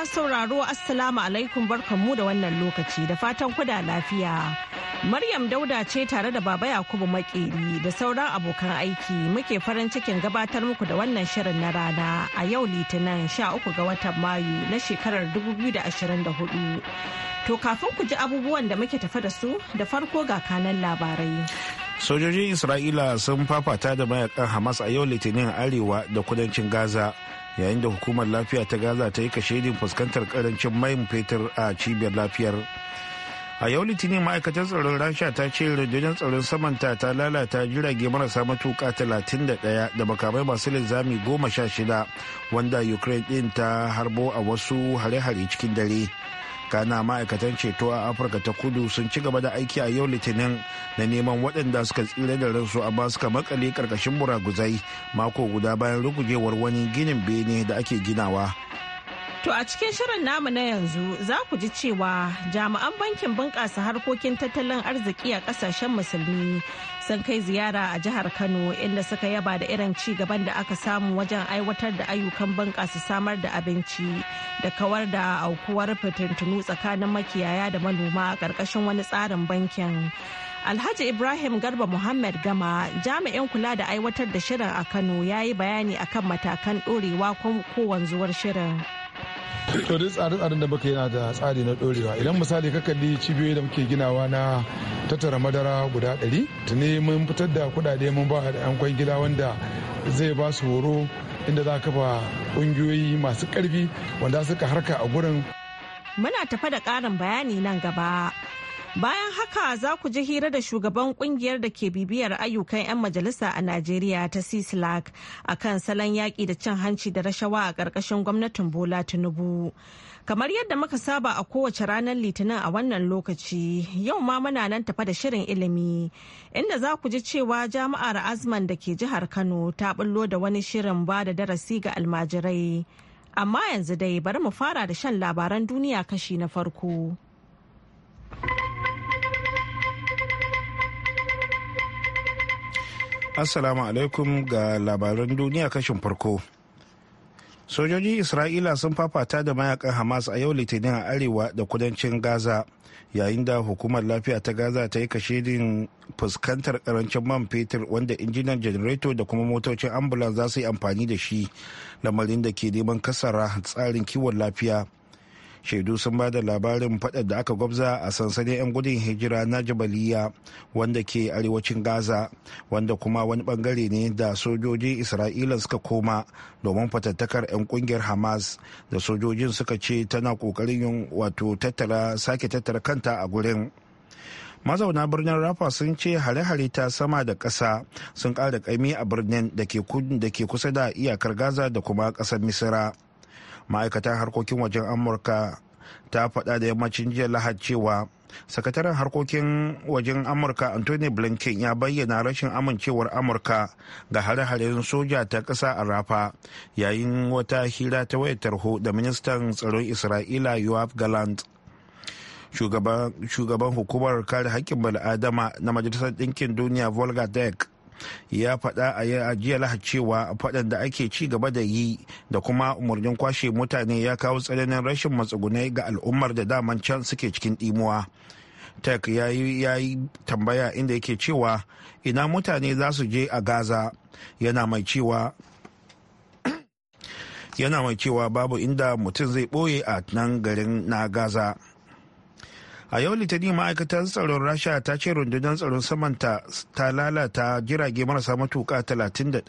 Masu sauraro Assalamu alaikum barkanmu da wannan lokaci da fatan kuda lafiya. Maryam Dauda ce tare da Baba Yakubu Makeri da sauran abokan aiki muke farin cikin gabatar muku da wannan shirin na rana a yau Litinin 13 ga watan Mayu na shekarar 2024. To kafin ku ji abubuwan da muke tafa da su da farko ga kanan labarai. Sojojin Isra'ila sun fafata da mayakan Hamas a yau Litinin arewa da kudancin Gaza. yayin da hukumar lafiya ta gaza ta yi kashedin fuskantar karancin mayin fetur a cibiyar lafiyar a yau litinin ma'aikatar tsaron rasha ta ce rundunar tsaron samanta ta lalata jirage marasa matuka 31 da makamai masu linzami 16 wanda ukraine din ta harbo a wasu hare-hare cikin dare kana ma'aikatan ceto a afirka ta kudu sun ci gaba da aiki a yau litinin na neman waɗanda suka tsira da ransu amma suka makale karkashin buraguzai mako guda bayan rugujewar wani ginin bene da ake ginawa To a cikin shirin namu na yanzu za ku ji cewa jami'an bankin bunƙasa harkokin tattalin arziki a ƙasashen musulmi sun kai ziyara a jihar Kano inda suka yaba da irin ci gaban da aka samu wajen aiwatar da ayyukan bunƙasa samar da abinci da kawar da aukuwar fitintunu tsakanin makiyaya da manoma a ƙarƙashin wani tsarin bankin. Alhaji Ibrahim Garba Muhammad Gama jami'in kula da aiwatar da shirin a Kano ya yi bayani akan matakan ɗorewa ko wanzuwar shirin. to duk tsare-tsaren da muka yana da tsari na dorewa idan misali ka kalli cibiyoyi da muke ginawa na tattara madara guda ɗari tuni mun fitar da kuɗaɗe mun ba da yan kwangila wanda zai ba su horo inda za ka ba kungiyoyi masu karfi wanda suka harka a gurin muna tafa da ƙarin bayani nan gaba Bayan haka za ku ji hira da shugaban kungiyar da ke bibiyar ayyukan 'yan majalisa a Najeriya ta CISLAC a kan salon yaƙi da cin hanci da rashawa a ƙarƙashin gwamnatin Bola Tinubu. Kamar yadda muka saba a kowace ranar Litinin a wannan lokaci, yau ma muna nan tafa da shirin ilimi, inda za ku ji cewa jami'ar Azman da ke jihar Kano ta bullo da wani shirin ba da darasi ga almajirai. Amma yanzu dai bari mu fara da shan labaran duniya kashi na farko. Assalamu alaikum ga labaran duniya kashin farko. sojoji Isra'ila sun fafata da mayakan Hamas a yau Litinin a arewa da kudancin Gaza yayin da hukumar lafiya ta Gaza ta yi kashedin fuskantar karancin man fetur wanda injinan janareto da kuma motocin ambulan za su yi amfani da shi lamarin da ke neman kasara tsarin kiwon lafiya shaidu sun ba da labarin fadar da aka gwabza a sansanin 'yan gudun hijira na jabaliya wanda ke arewacin gaza wanda kuma wani bangare ne da sojojin isra'ila suka koma domin fatattakar 'yan kungiyar hamas da sojojin suka ce tana kokarin yin wato tattara sake tattara kanta a gurin mazauna birnin rafa sun ce hare-hare ta sama da ƙasa sun ƙara ƙaimi a birnin da ke kusa da iyakar gaza da kuma ƙasar misira ma'aikatan harkokin wajen amurka ta faɗa da yammacin jiya lahad cewa sakataren harkokin wajen amurka anthony blinken ya bayyana rashin amincewar amurka ga hare-haren soja ta ƙasa a rafa yayin wata hira ta wayar tarho da ministan tsaron isra'ila yoav galant shugaban hukumar kare haƙƙin bal'adama na majalisar ɗinkin duniya volga dek ya faɗa a jiya lahar cewa faɗan da ake ci gaba da yi da kuma umarnin kwashe mutane ya kawo tsananin rashin matsugunai ga al'ummar da daman can suke cikin ɗimuwa tek ya yi tambaya inda yake cewa ina mutane za su je a gaza yana mai cewa yana mai cewa babu inda mutum zai ɓoye a nan garin na gaza a yau litinin ma'aikatar tsaron rasha ta ce rundunar tsaron saman ta lalata jirage marasa matuka 31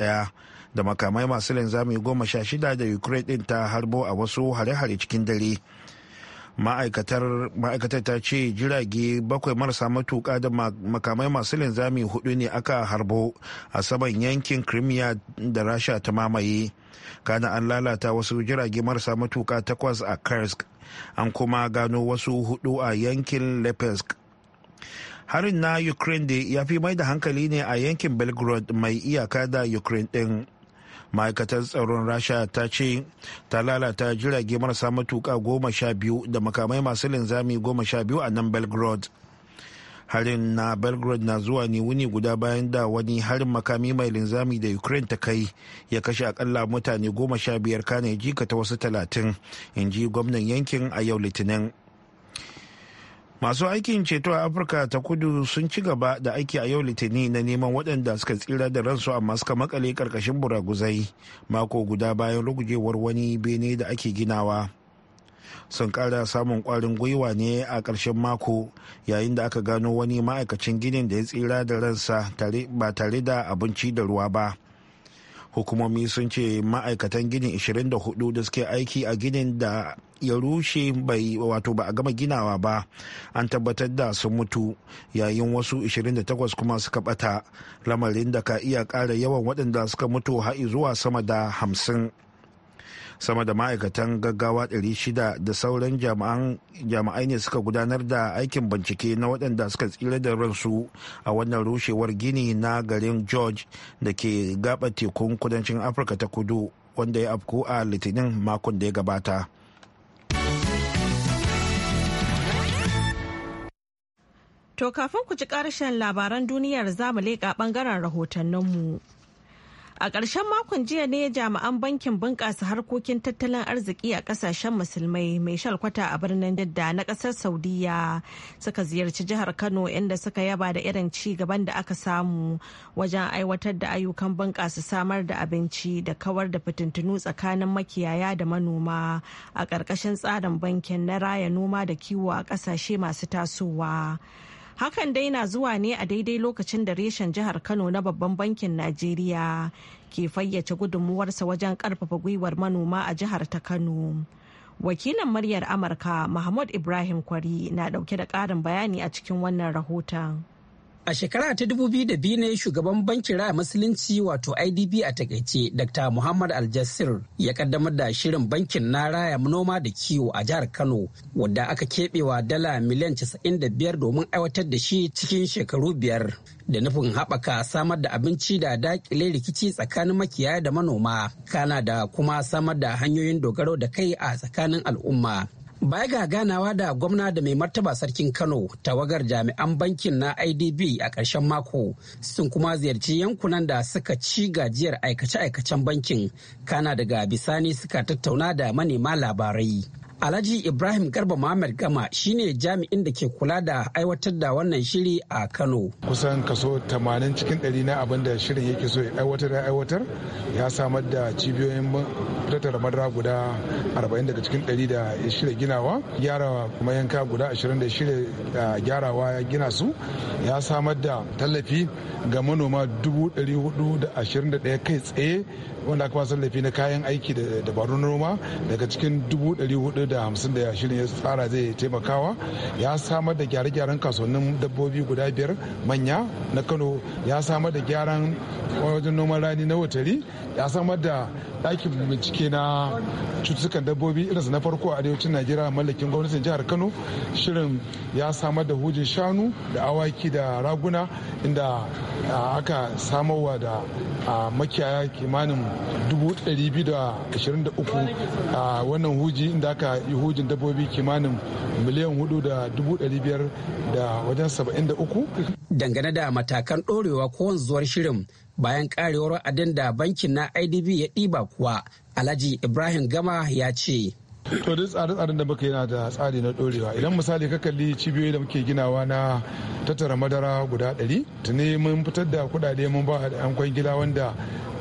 da makamai masu linzami goma sha da ukraine din ta harbo a wasu hare-hare cikin dare ma'aikatar ta ce jirage bakwai marasa matuka da makamai masu linzami hudu ne aka harbo a saman yankin crimea da rasha ta mamaye kana an lalata wasu jirage marasa matuka takwas a kursk an kuma gano wasu hudu a yankin lepesk harin na ukraine da ya fi mai da hankali ne a yankin belgrade mai iyaka da ukraine din ma'aikatar tsaron rasha ta ce ta lalata jirage marasa matuka goma sha biyu da makamai masu linzami goma sha biyu a nan belgrade harin na belgrade na zuwa ne wuni guda bayan da wani harin makami mai linzami da ukraine ta kai ya kashe akalla mutane goma sha biyar kane jika ta wasu talatin in ji gwamnan yankin a yau litinin masu aikin ceto a afirka ta kudu sun ci gaba da aiki a yau litinin na neman waɗanda suka tsira da ransu amma suka makale karkashin buraguzai mako guda bayan rugujewar wani bene da ake ginawa sun kara samun kwarin gwiwa ne a ƙarshen mako yayin da aka gano wani ma'aikacin ginin da ya tsira da ransa ba tare da abinci da ruwa ba hukumomi sun ce ma'aikatan ginin 24 da suke aiki a ginin da ya rushe bai wato ba a gama ginawa ba an tabbatar da sun mutu yayin wasu 28 kuma suka bata lamarin da ka iya ƙara yawan waɗanda suka mutu har zuwa sama da 50 sama da ma'aikatan gaggawa 600 da sauran jami'ai ne suka gudanar da aikin bincike na waɗanda suka tsira da ransu a wannan rushewar gini na garin george da ke gaba tekun kudancin afirka ta kudu wanda ya afku a litinin makon da ya gabata To kafin ku ji ƙarshen labaran duniyar zamu leƙa ɓangaren rahotanninmu. mu. A ƙarshen makon jiya ne jami'an bankin bunƙasa harkokin tattalin arziki a ƙasashen musulmai mai shalkwata a birnin didda na ƙasar Saudiya suka ziyarci jihar Kano inda suka yaba da irin ci gaban da aka samu wajen aiwatar da ayyukan bunƙasa samar da abinci da kawar da fitintunu tsakanin makiyaya da manoma a ƙarƙashin tsarin bankin na raya noma da kiwo a ƙasashe masu tasowa. Hakan dai na zuwa ne a daidai lokacin da reshen jihar Kano na babban bankin Najeriya ke fayyace gudunmuwarsa wajen karfafa gwiwar manoma a jihar ta Kano. Wakilin muryar Amurka Mahmud Ibrahim Kwari na dauke da karin bayani a cikin wannan rahoton. A shekara ta da biyu ne shugaban bankin raya musulunci wato IDB a takaice Dr. Muhammad Aljassir ya kaddamar da shirin bankin na raya noma da kiwo a jihar Kano wadda aka keɓewa dala miliyan casa'in da biyar domin aiwatar da shi cikin shekaru biyar da nufin haɓaka samar da abinci da dakile rikici tsakanin makiyaya da manoma kana da kuma samar da hanyoyin dogaro da kai a tsakanin al'umma. Baya ga ganawa da gwamna da mai martaba sarkin Kano tawagar jami'an bankin na IDB a ƙarshen mako sun kuma ziyarci yankunan da suka ci gajiyar aikace-aikacen bankin kana daga bisani suka tattauna da manema labarai. Alhaji Ibrahim Garba Muhammad Gama shine jami'in da ke kula da aiwatar da wannan shiri a Kano. Kusan kaso 80 cikin 100 na abin da shirin yake so ya aiwatar ya aiwatar ya samar da cibiyoyin tattara madara guda 40 daga cikin 100 da ya shirya ginawa, gyara kuma yanka guda 20 da shirya gyarawa ya gina su, ya samar da tallafi ga manoma 421 kai tsaye wanda aka tallafi na kayan aiki da dabarun noma daga cikin 400 da hamsin da shirin ya tsara zai taimakawa ya samar da gyare-gyaren kasuwannin dabbobi guda biyar manya na kano ya samar da gyaran wajen noman rani na watari ya samar da ɗakin bincike na cututtukan dabbobi irinsa na farko a arewacin najeriya mallakin gwamnatin jihar kano shirin ya samar da hujin shanu da awaki da raguna inda aka samarwa da makiyaya kimanin 223 a wannan huji inda aka ihujin dabbobi kimanin miliyan hudu da dubu dari biyar da wajen saba'in da uku. Dangane da matakan ɗorewa ko wanzuwar shirin bayan karewar adin da bankin na IDB ya ɗiba kuwa Alhaji Ibrahim Gama ya ce. to duk tsare-tsaren da muka yana da tsari na dorewa idan misali ka kalli cibiyoyi da muke ginawa na tattara madara guda ɗari tuni mun fitar da kuɗaɗe mun ba da yan gida wanda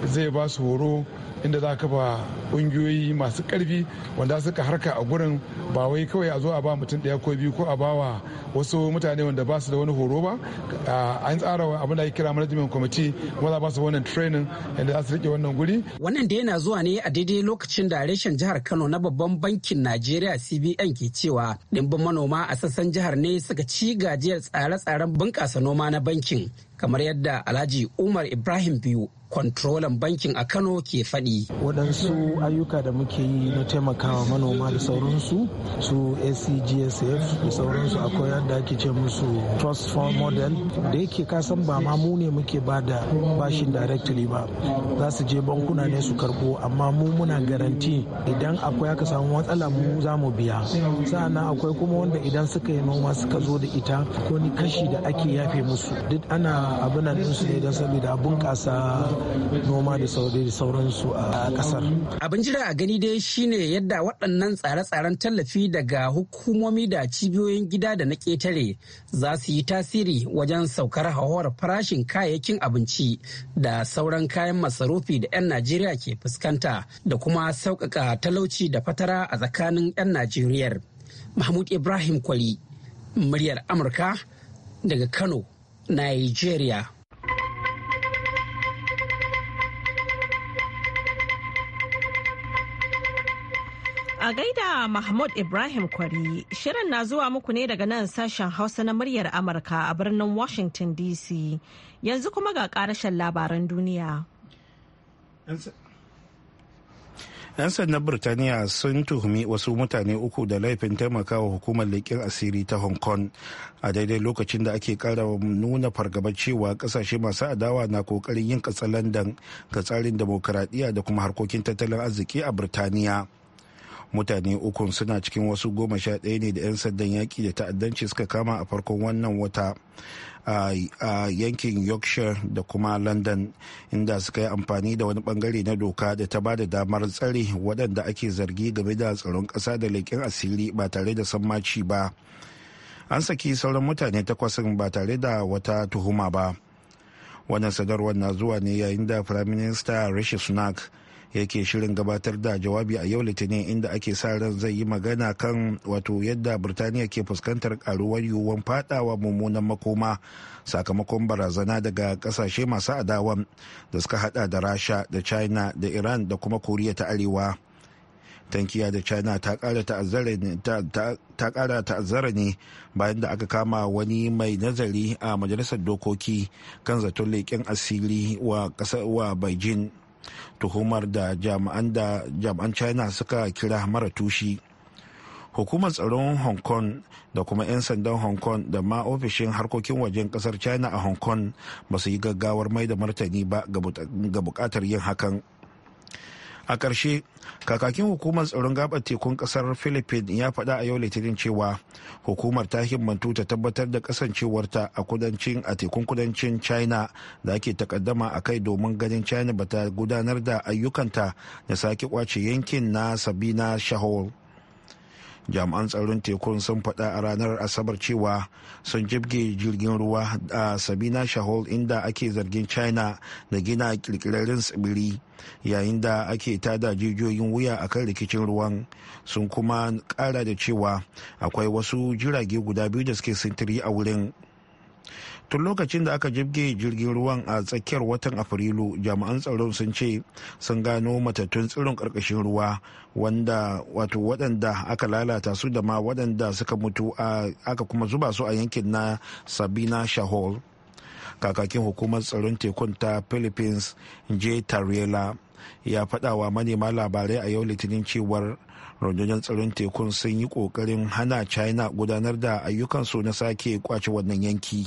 zai ba su horo inda za ka ba ƙungiyoyi masu karfi wanda suka harka a gurin ba wai kawai a zo a ba mutum daya ko biyu ko a bawa wasu mutane wanda ba su da wani horo ba an tsara abin da ake kira management committee kuma za ba su wannan training inda za su rike wannan guri. wannan da yana zuwa ne a daidai lokacin da reshen jihar kano na babban bankin najeriya cbn ke cewa dimbin manoma a sassan jihar ne suka ci gajiyar tsare-tsaren bunƙasa noma na bankin kamar yadda alhaji umar ibrahim biyu kwantrolan bankin a kano ke faɗi. waɗansu ayyuka da muke yi na taimakawa manoma da sauransu su acgsf da sauransu akwai yadda ake ce musu trust fund model da yake kasan ba ma mu ne muke ba da bashin directly ba za su je bankuna ne su karbo amma mu muna garanti idan akwai aka samu matsala mu za mu biya sa'annan akwai kuma wanda idan suka yi noma suka zo da ita ko ni kashi da ake yafe musu duk ana abin nan su ne don saboda bunƙasa noma da sauransu a kasar. Abin jira a gani dai shine yadda waɗannan tsare-tsaren tallafi daga hukumomi da cibiyoyin gida da na ƙetare za su yi tasiri wajen saukar hauhawar farashin kayayyakin abinci da sauran kayan masarufi da 'yan Najeriya ke fuskanta da kuma sauƙaƙa talauci da fatara a tsakanin 'yan Najeriyar. Mahmud Ibrahim Kwali, muryar Amurka daga Kano. Nigeria. A gaida Mahmud Ibrahim Kwari, shirin na zuwa muku ne daga nan sashen Hausa na muryar Amurka a birnin Washington DC. Yanzu kuma ga karashen labaran duniya. 'yan sandan birtaniya sun tuhumi wasu mutane uku da laifin taimakawa hukumar leƙen asiri ta hong kong a daidai lokacin da ake kara nuna fargaba cewa kasashe masu adawa na kokarin yin katsalandan ga tsarin demokuraɗiyya da kuma harkokin tattalin arziki a birtaniya mutane uku suna cikin wasu goma sha ɗaya ne da 'yan sandan yaƙi da ta'addanci suka kama a farkon wannan wata a yankin yorkshire da kuma london inda suka yi amfani da wani bangare na doka da ta ba da damar tsare waɗanda ake zargi game da tsaron ƙasa da leƙen asiri ba tare da sammaci ba an saki sauran mutane takwasin ba tare da wata tuhuma ba wannan sadarwar na zuwa ne yayin da firaminista rishi sunak yake shirin gabatar da jawabi a yau litinin inda ake sa ran zai yi magana kan wato yadda birtaniya ke fuskantar karuwar yiwuwar fadawa mummunan makoma sakamakon barazana daga kasashe masu adawan da suka hada da rasha da china da iran da kuma koriya ta arewa tankiya da china ta kara ta'azzara ne bayan da aka kama wani mai nazari a majalisar dokoki kan zaton leƙen asiri wa beijing tuhumar da jami'an da jami'an china suka kira mara tushi hukumar tsaron hong kong da kuma 'yan sandan hong kong da ma ofishin harkokin wajen kasar china a hong kong ba su yi gaggawar mai da martani ba ga bukatar yin hakan a ƙarshe kakakin hukumar tsaron gabar tekun ƙasar philippines ya faɗa a yau litinin cewa hukumar ta himmantu ta tabbatar da kasancewarta a kudancin a tekun kudancin china da ake takaddama a kai domin ganin china bata gudanar da ayyukanta na sake kwace yankin na sabina shahol jami'an tsaron tekun sun faɗa a ranar asabar cewa sun jibge jirgin ruwa a sabina shahol inda ake zargin china da gina kirkirarin tsibiri yayin da ake tada jijiyoyin wuya a kan rikicin ruwan sun kuma ƙara da cewa akwai wasu jirage guda biyu da suke sintiri a wurin tun lokacin da aka jibge jirgin ruwan a tsakiyar watan afrilu jami'an tsaron sun ce sun gano matattun tsirin karkashin ruwa wanda wato waɗanda aka lalata su da ma waɗanda suka mutu aka kuma zuba su a yankin na sabina shahol kakakin hukumar tsaron tekun ta philippines j tariela ya faɗawa manema labarai a yau litinin cewar rundunar tsaron tekun sun yi kokarin hana china gudanar da ayyukansu na sake kwace wannan yanki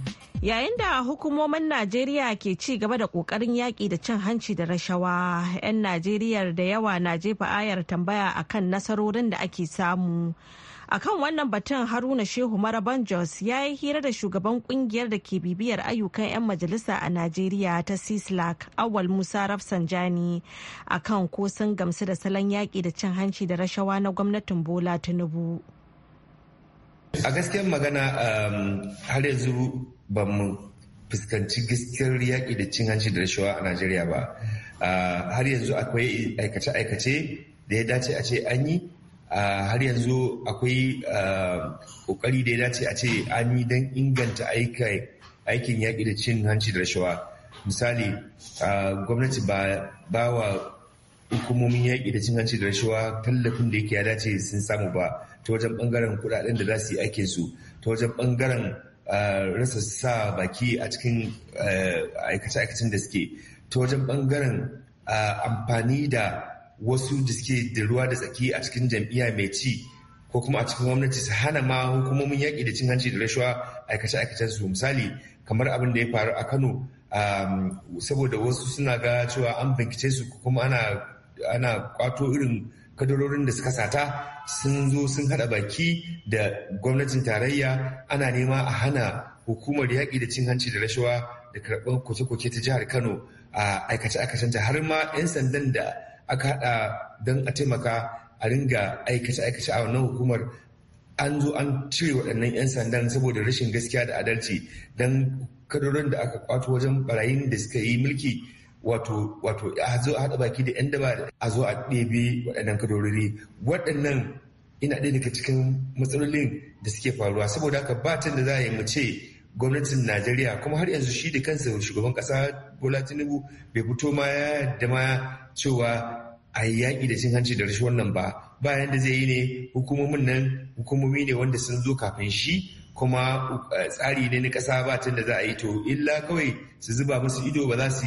Yayin da hukumomin Najeriya ke ci gaba da ƙoƙarin yaƙi da cin hanci da rashawa, 'yan Najeriya da yawa na jefa ayar tambaya akan nasarorin da ake samu. akan wannan batun haruna shehu maraban jos ya yi hira da shugaban kungiyar da ke bibiyar ayyukan 'yan majalisa a najeriya ta sislak awal musa rafsanjani akan ko sun gamsu da salon yaƙi da cin hanci da rashawa na gwamnatin bola tinubu A gaskiyar magana um, har yanzu ba mu fuskanci gaskiyar yaƙi da cin hanci da rashawa a Najeriya ba. Har yanzu akwai aikace-aikace da ya dace a ce an yi har yanzu akwai ƙoƙari da ya dace a ce an yi don inganta aikin yaƙi da cin hanci da rashawa. Misali, gwamnati ba wa hukumomin yaƙi da cin hanci da rashawa tallafin da yake ya dace sun samu ba. ta wajen bangaren kudaden da za su yi aikin su ta wajen bangaren eh, rasa sa baki a cikin eh, aikace-aikacen da suke ta wajen bangaren eh, amfani da wasu da suke da ruwa da tsaki a cikin jam'iyya mai ci ko kuma a cikin gwamnati su hana ma hukumomin yaƙi da cin hanci da rashawa aikace-aikacen su misali kamar abin da ya faru a kano ehm, saboda wasu suna ga cewa an bincike su kuma ana kwato irin kadarorin da suka sata sun zo sun hada baki da gwamnatin tarayya ana nema a hana hukumar yaƙi da cin hanci da rashawa da karɓar koke-koke ta jihar kano a aikace-aikacenta har ma 'yan sandan da aka hada don a taimaka a ringa aikace-aikace a wannan hukumar an zo an cire waɗannan 'yan sandan saboda rashin gaskiya da adalci don kadarorin da aka kwato wajen barayin da suka yi mulki wato wato a zo a haɗa baki da 'yan daba a zo a ɗebe waɗannan kadorori waɗannan ina ɗaya daga cikin matsalolin da suke faruwa saboda haka batun da za a yi mu gwamnatin najeriya kuma har yanzu shi da kansa shugaban ƙasa bola tinubu bai fito ma ya da ma cewa a yi yaƙi da cin hanci da rashin wannan ba bayan da zai yi ne hukumomin nan hukumomi ne wanda sun zo kafin shi kuma eh, tsari ne na ƙasa ba tun da za a yi to illa kawai su zuba musu ido ba za su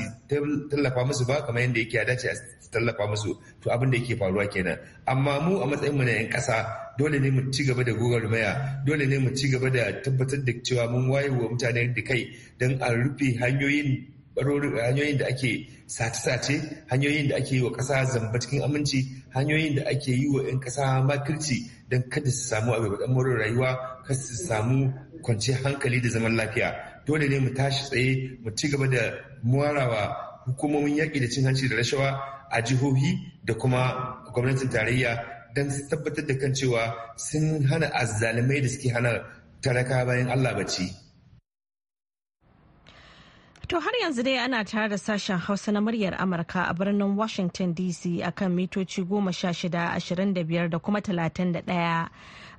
tallafa musu ba kamar yadda yake dace a tallafa musu to abin da yake faruwa kenan amma mu a matsayin mu na 'yan ƙasa dole ne mu ci gaba da gogar maya dole ne mu ci gaba da tabbatar da cewa mun wayewa mutane da kai don a rufe hanyoyin hanyoyin da ake sace-sace hanyoyin da ake yi wa ƙasa zamba cikin aminci hanyoyin da ake yi wa 'yan kasa makirci don kada su samu abubuwan morin rayuwa kada su samu kwanciyar hankali da zaman lafiya dole ne mu tashi tsaye mu ci gaba da morawa hukumomin yaƙi da cin hanci da rashawa a jihohi da kuma gwamnatin tarayya don tabbatar da kan cewa sun hana azzalumai da suke hana talaka bayan Allah bacci. To har yanzu dai ana tare da sashen Hausa na muryar Amurka a birnin Washington DC akan mitoci goma sha shida ashirin da biyar da kuma talatin da ɗaya.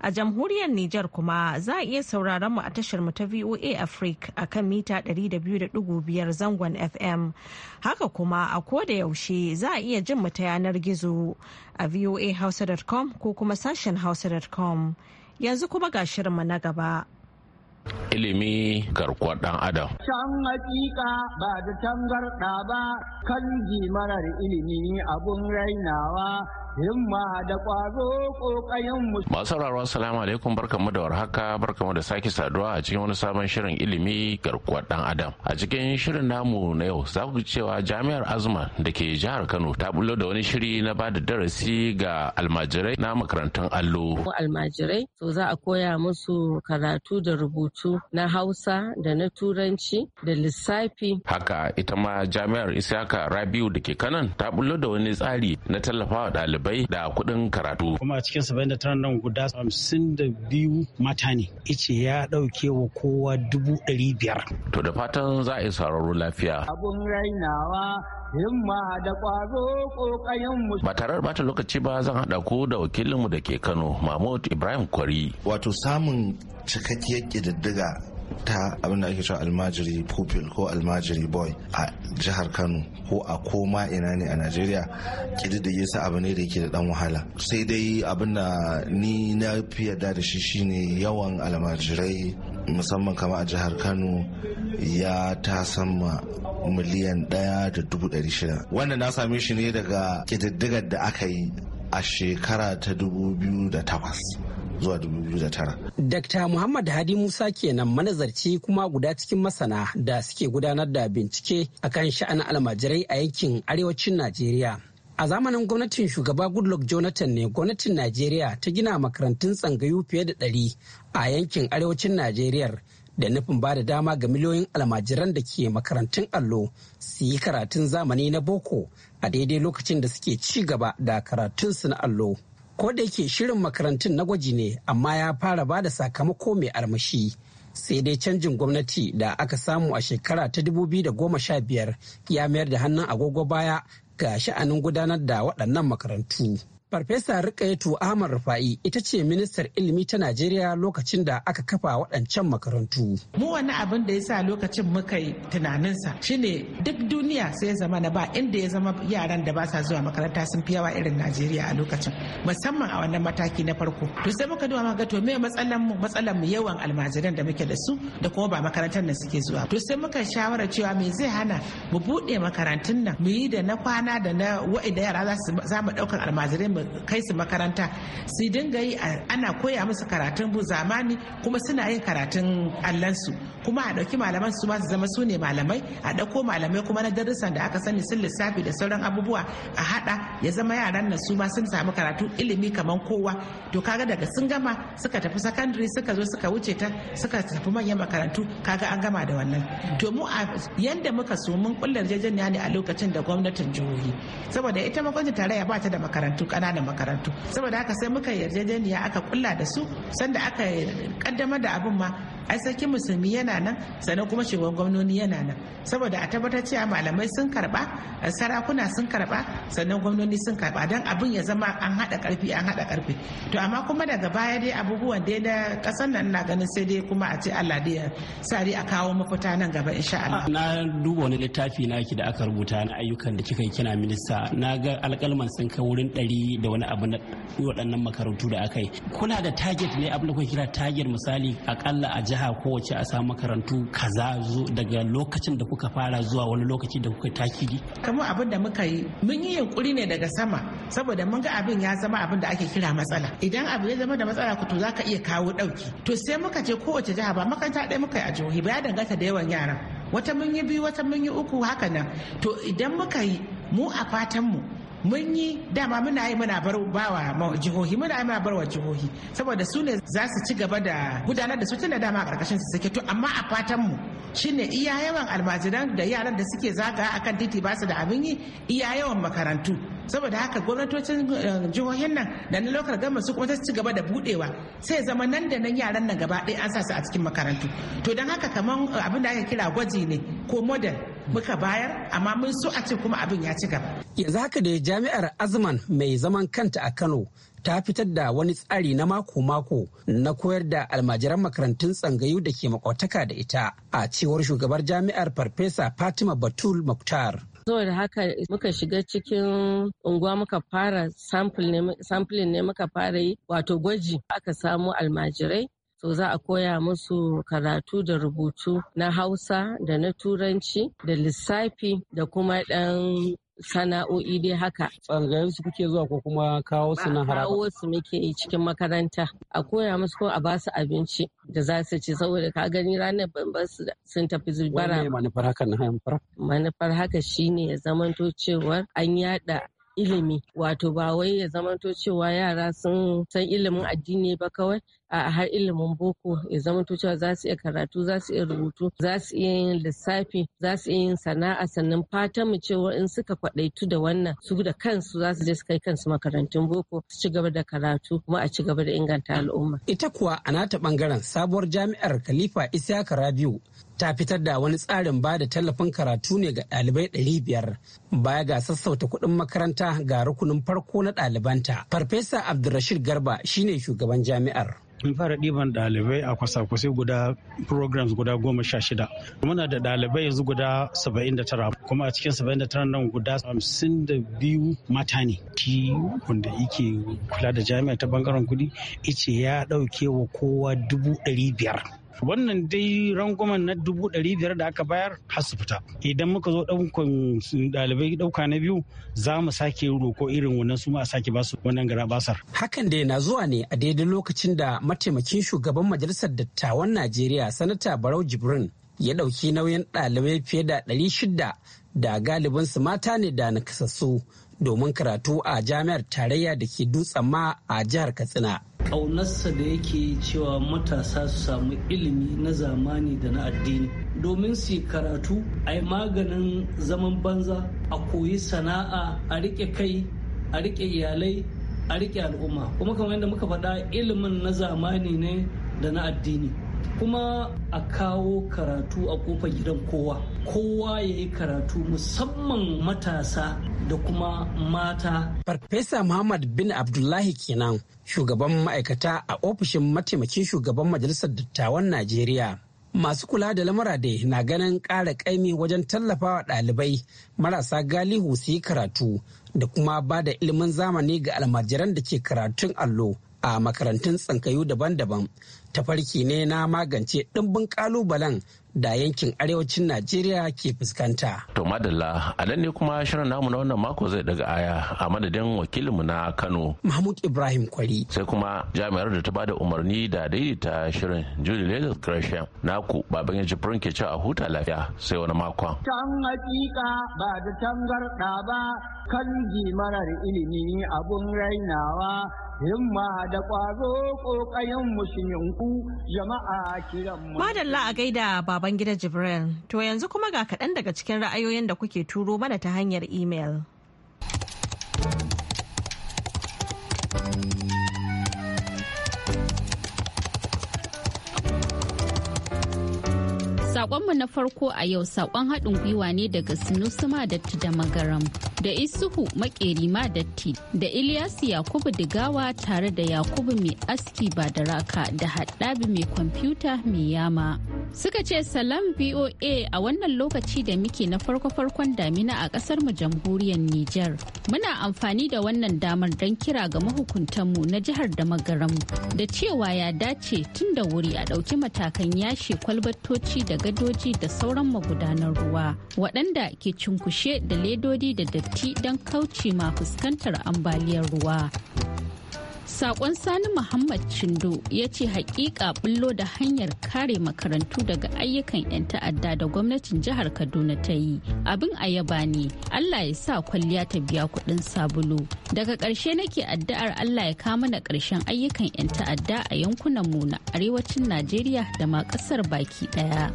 A jamhuriyar Nijar kuma za a iya sauraron mu a tashar mu ta VOA Africa akan mita ɗari da biyu da ɗigo biyar zangon FM. Haka kuma a ko da yaushe za a iya jin mu ta yanar gizo a voahausa.com ko kuma sashen hausa.com. Yanzu kuma ga shirinmu na gaba. ilimi garkuwar ɗan adam. Can hakika ba da tangarɗa ba kan marar ilimi abun rainawa himma da ƙwazo ƙoƙayen mu. Masu rarwa salamu alaikum barkamu da warhaka barkamu da sake saduwa a cikin wani sabon shirin ilimi garkuwar ɗan adam. A cikin shirin namu na yau za ku cewa jami'ar Azuma da ke jihar Kano ta bullo da wani shiri na ba da darasi ga almajirai na makarantun allo. Almajirai to za a koya musu karatu da rubutu na Hausa da na Turanci da lissafi. Haka ita ma jami'ar Isaka Rabiu da ke kanan ta bullo da wani tsari na tallafawa ɗalibai da kuɗin karatu. Kuma a cikin 79 nan guda da biyu mata ne. Ice ya ɗauke wa kowa dubu ɗari biyar. To da fatan za a yi sauraro lafiya. Abun rainawa himma da ƙwazo ƙoƙayen mu. Ba tare da bata lokaci ba zan haɗa ku da wakilinmu da ke Kano Mahmud Ibrahim Kwari. Wato samun cikakkiyar ƙididdiga ta abin da ake cewa almajiri pupil ko almajiri boy a jihar kano ko a koma ina ne a najeriya kididdige sa abu ne da yake da dan wahala sai dai abin da ni na fi yarda da shi shine yawan almajirai musamman kama a jihar kano ya ta sama miliyan ɗaya da dubu ɗari shida wanda na same shi ne daga ƙididdigar da aka yi a shekara ta dubu biyu da takwas. zuwa 2009. Dr. Muhammad Hadi Musa kenan manazarci kuma guda cikin masana da suke gudanar da bincike a kan sha'anin almajirai a yankin arewacin Najeriya. A zamanin gwamnatin shugaba Goodluck Jonathan ne gwamnatin Najeriya ta gina makarantun tsangayu fiye da ɗari a yankin arewacin Najeriya da nufin ba da dama ga miliyoyin almajiran da ke makarantun allo su yi karatun zamani na boko a daidai lokacin da suke ci gaba da karatunsu na allo. ko da yake shirin makarantun na gwaji ne amma ya fara ba da sakamako mai armashi sai dai canjin gwamnati da aka samu a shekara ta 2015 ya mayar da hannun agogo baya ga sha'anin gudanar da waɗannan makarantu. Farfesa Rikayetu Ahmad Rufa'i ita ce ministar ilimi ta Najeriya lokacin da aka kafa waɗancan makarantu. Mu wani abin da ya sa lokacin muka yi tunaninsa shine duk duniya sai ya zama na ba inda ya zama yaran da ba sa zuwa makaranta sun fi yawa irin Najeriya a lokacin musamman a wannan mataki na farko. To sai muka duba ga to me matsalan mu matsalan mu yawan almajiran da muke da su da kuma ba makarantar da suke zuwa. To sai muka shawara cewa me zai hana mu buɗe makarantun nan mu yi da na kwana da na wa'ida yara za mu ɗaukar almajiran kai su makaranta su dinga yi ana koya musu karatun bu zamani kuma suna yin karatun allansu kuma a ɗauki malaman su ma su zama su ne malamai a ɗauko malamai kuma na darussan da aka sani sun lissafi da sauran abubuwa a haɗa ya zama yaran nan su ma sun samu karatu ilimi kamar kowa to kaga daga sun gama suka tafi secondary suka zo suka wuce ta suka tafi manyan makarantu kaga an gama da wannan to mu yanda muka so mun kullar jajjanya ne a lokacin da gwamnatin jihohi saboda ita tare tarayya ba ta da makarantu kananan makarantu saboda haka sai muka yarjejeniya aka kulla da su sanda aka kaddamar da abin ma ai sarkin musulmi yana nan sannan kuma shugaban gwamnoni yana nan saboda a tabbatar cewa malamai sun karba sarakuna sun karba sannan gwamnoni sun karba don abin ya zama an haɗa karfi an haɗa karfi to amma kuma daga baya dai abubuwan dai na ƙasar nan na ganin sai dai kuma a ce Allah dai ya sa dai a kawo mafita nan gaba insha Allah na duba wani littafi naki da aka rubuta na ayyukan da kika yi kina minista na ga alƙalman sun kai wurin ɗari da wani abu na waɗannan makarantu da aka yi kuna da target ne abin da kuka kira target misali akalla a jiha kowace a samu makarantu kaza daga lokacin da kuka fara zuwa wani lokaci da kuka takidi kamar abin da muka yi mun yi yunkuri ne daga sama saboda mun ga abin ya zama abin da ake kira matsala idan abu ya zama da matsala ku to zaka iya kawo dauki to sai muka je kowace jiha ba makaranta ɗaya muka yi a jihohi ba ya danganta da yawan yaran wata mun yi biyu wata mun yi uku haka nan to idan muka yi mu a fatan mu mun yi dama muna yi muna bar bawa jihohi muna yi muna bar jihohi saboda su ne za su ci gaba da gudanar da su tun da dama a karkashin su suke to amma a fatan mu shine iya yawan almajiran da yaran da suke zaga akan titi ba su da abin yi iya yawan makarantu saboda haka gwamnatocin eh, jihohin nan da na lokar gama su kuma ta ci gaba da budewa sai zama nan da nan yaran nan gaba ɗaya an sa su a cikin makarantu to don haka kamar eh, abin da aka kira gwaji ne ko model muka bayar amma mun so a ce kuma abin ya ci gaba yanzu haka da ya Jami'ar Azman mai zaman kanta a Kano ta fitar da wani tsari na mako-mako na koyar da almajiran makarantun tsangayu da ke makwataka da ita a cewar shugabar jami'ar farfesa fatima batul muktar saboda haka muka shiga cikin unguwa muka fara sampling ne muka fara yi wato gwaji aka samu almajirai so za a koya musu karatu da rubutu na hausa da na turanci da lissafi da kuma ɗan sana'o'i dai haka. Tsangayar su kuke zuwa ko kuma kawo su na haraba? Kawo su muke yi cikin makaranta. A koya musu ko a ba su abinci da za su ci saboda ka gani ranar ban su sun tafi zubara. Wani manufar haka na Manufar haka shine ya zamanto cewa an yada ilimi wato ba wai ya zamanto cewa yara sun san ilimin addini ba kawai a har ilimin boko ya zamanto cewa za su iya karatu za su iya rubutu za su iya yin lissafi za su iya yin sana'a sannan fatan mu cewa in suka kwadaitu da wannan su da kansu za su je su kai kansu makarantun boko su ci gaba da karatu kuma a ci gaba da inganta al'umma ita kuwa a nata bangaren sabuwar jami'ar khalifa isaka rabiu ta fitar da wani tsarin ba da tallafin karatu ne ga ɗalibai 500 baya ga sassauta kuɗin makaranta ga rukunin farko na ɗalibanta. Farfesa Abdulrashid Garba shine shugaban jami'ar. mun fara ɗiban ɗalibai a kwasa-kwasai guda programs guda goma sha shida muna da ɗalibai yanzu guda saba'in da tara kuma a cikin saba'in da tara nan guda hamsin da biyu mata ne ki wanda yake kula da jami'a ta bangaren kuɗi ice ya ɗauke wa kowa dubu ɗari biyar wannan dai rangwamen na dubu ɗari biyar da aka bayar har su fita idan muka zo ɗaukan ɗalibai ɗauka na biyu za mu sake roko irin wannan su ma a sake basu wannan gara basar hakan dai na zuwa ne a daidai lokacin da mataimakin shugaban majalisar dattawan najeriya sanata barau jibrin ya ɗauki nauyin ɗalibai fiye da ɗari shida da galibinsu mata ne da nakasassu domin karatu a jami'ar tarayya da ke dutsen ma a jihar katsina ƙaunarsa da yake cewa matasa su samu ilimi na zamani da na addini domin su yi karatu a yi maganin zaman banza a koyi sana'a a riƙe kai a riƙe iyalai a riƙe al'umma kuma kamar yadda muka faɗa ilimin na zamani ne da na addini kuma a kawo karatu a kofar gidan kowa kowa ya yi karatu musamman matasa da kuma mata. Farfesa Muhammad bin Abdullahi kenan shugaban ma'aikata a ofishin mataimakin shugaban Majalisar Dattawan Najeriya. Masu kula da lamura da na ganin ƙara ƙaimi wajen tallafawa ɗalibai marasa galihu su yi karatu da kuma ba da ilimin zamani ga almajiran da ke karatun allo a makarantun tsankayu daban-daban tafarki ne na magance ɗimbin ƙalubalen da yankin arewacin Najeriya ke fuskanta. To madalla a nan ne kuma shirin namu na wannan mako zai daga aya a madadin wakilinmu na Kano. Mahmud Ibrahim Kwari. Sai kuma jami'ar da ta ba da umarni da daidaita shirin Julie Lagos Gresham naku baban yaji furin ke a huta lafiya sai wani makon. Can hakika ba da tangarda ba kan marar ilimi abun rainawa himma da ƙwazo ƙoƙayen mushinku jama'a kiran Madalla a gaida baban gida Jibril, to yanzu kuma ga kaɗan daga cikin ra'ayoyin da kuke turo mana ta hanyar imel. Sakonmu na farko a yau sakon haɗin gwiwa ne daga Sinusuma Datti da Magaram, da Isuhu Makerima Datti, da Ilyasu Yakubu Digawa tare da Yakubu mai aski ba da raka da haɗabi mai kwamfuta mai yama. Suka ce salam VOA a wannan lokaci da muke na farko-farkon damina a ƙasar mu jamhuriyar Nijar. Muna amfani da wannan damar don kira ga mahukuntanmu na jihar da Magaram da cewa ya dace tun da wuri a ɗauki matakan yashe kwalbatoci daga ledoji da sauran magudanar ruwa waɗanda ke cunkushe da ledodi da datti don kauce ma fuskantar ambaliyar ruwa. Sakon Sani Muhammad Chindo ya ce hakika bullo da hanyar kare makarantu daga ayyukan 'yan ta'adda da gwamnatin jihar Kaduna ta yi. Abin a yaba ne, Allah ya sa kwalliya ta biya kuɗin sabulu. Daga ƙarshe nake addu'ar Allah ya kama na ƙarshen ayyukan 'yan ta'adda a yankunan mu na arewacin Najeriya da ma ƙasar baki ɗaya.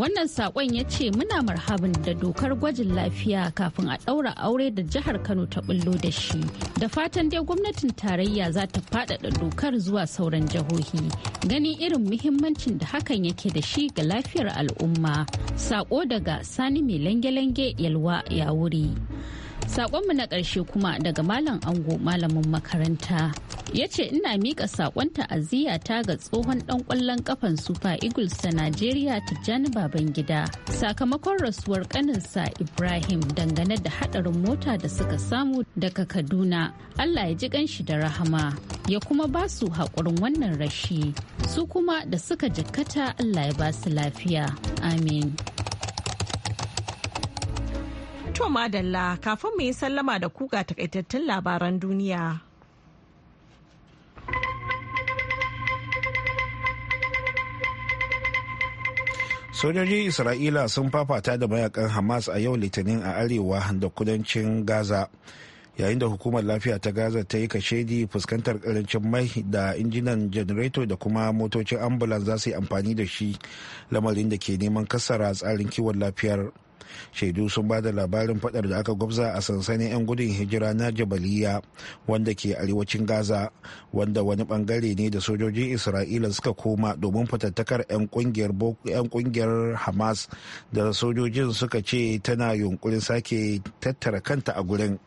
Wannan sakon ya ce muna marhabin da dokar gwajin lafiya kafin a ɗaura aure da jihar Kano ta bullo da shi. Da fatan dai gwamnatin tarayya za ta faɗaɗa dokar zuwa sauran jihohi. Ganin irin muhimmancin da hakan yake da shi ga lafiyar al'umma. sako daga Sani mai lange-lange yalwa ya wuri. Sakonmu na ƙarshe kuma daga Malam Ango malamin makaranta ya ce ina miƙa sakon ta ga tsohon ɗan ƙwallon ƙafan Super Eagles ta Najeriya Tijjani Babangida sakamakon rasuwar ƙaninsa Ibrahim dangane da haɗarin mota da suka samu daga Kaduna. Allah ya ji ƙanshi da rahama ya kuma ba su haƙurin wannan rashi su kuma da suka jikkata Allah ya ba su lafiya. Amin. To madalla kafin mu yi sallama da kuka takaitattun labaran duniya. sojojin isra'ila sun fafata da mayakan hamas a yau litinin a arewa da kudancin gaza yayin da hukumar lafiya ta gaza ta yi kashedi fuskantar karancin mai da injinan janareto da kuma motocin ambulan za su yi amfani da shi lamarin da ke neman kasara tsarin kiwon lafiyar shaidu sun ba da labarin fadar da aka gwabza a sansanin 'yan gudun hijira na jabaliya wanda ke arewacin gaza wanda wani bangare ne da sojojin isra'ila suka koma domin fatattakar 'yan kungiyar hamas da sojojin suka ce tana yunkurin sake tattara kanta a gurin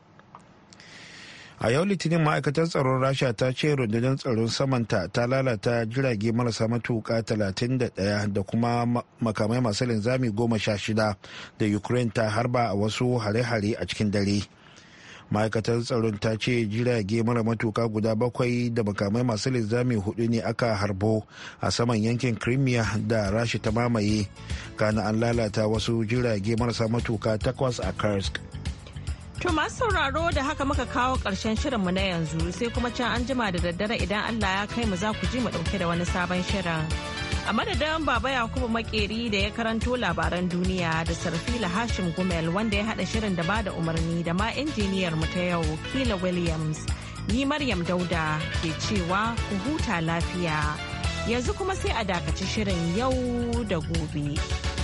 a yau litinin ma'aikatar tsaron rasha ta ce rundunar tsaron samanta ta lalata jirage marasa matuka 31 da kuma makamai masu linzami 16 da ukraine ta harba a wasu hare-hare a cikin dare ma'aikatar tsaron ta ce jirage mara matuka guda bakwai da makamai masu linzami hudu ne aka harbo a saman yankin crimea da rashi ta mamaye kana an lalata wasu jirage marasa matuka takwas a kursk To masu sauraro da haka muka kawo ƙarshen shirinmu na yanzu sai kuma can an jima da daddare idan Allah ya kai mu za ku ji mu ɗauke da wani sabon shirin. A madadin Baba Yakubu Makeri da ya karanto labaran duniya da Sarfila Hashim Gumel wanda ya haɗa shirin da bada umarni da ma injiniyar mu ta yau Kila Williams. Ni Maryam Dauda ke cewa ku huta lafiya. Yanzu kuma sai a dakaci shirin yau da gobe.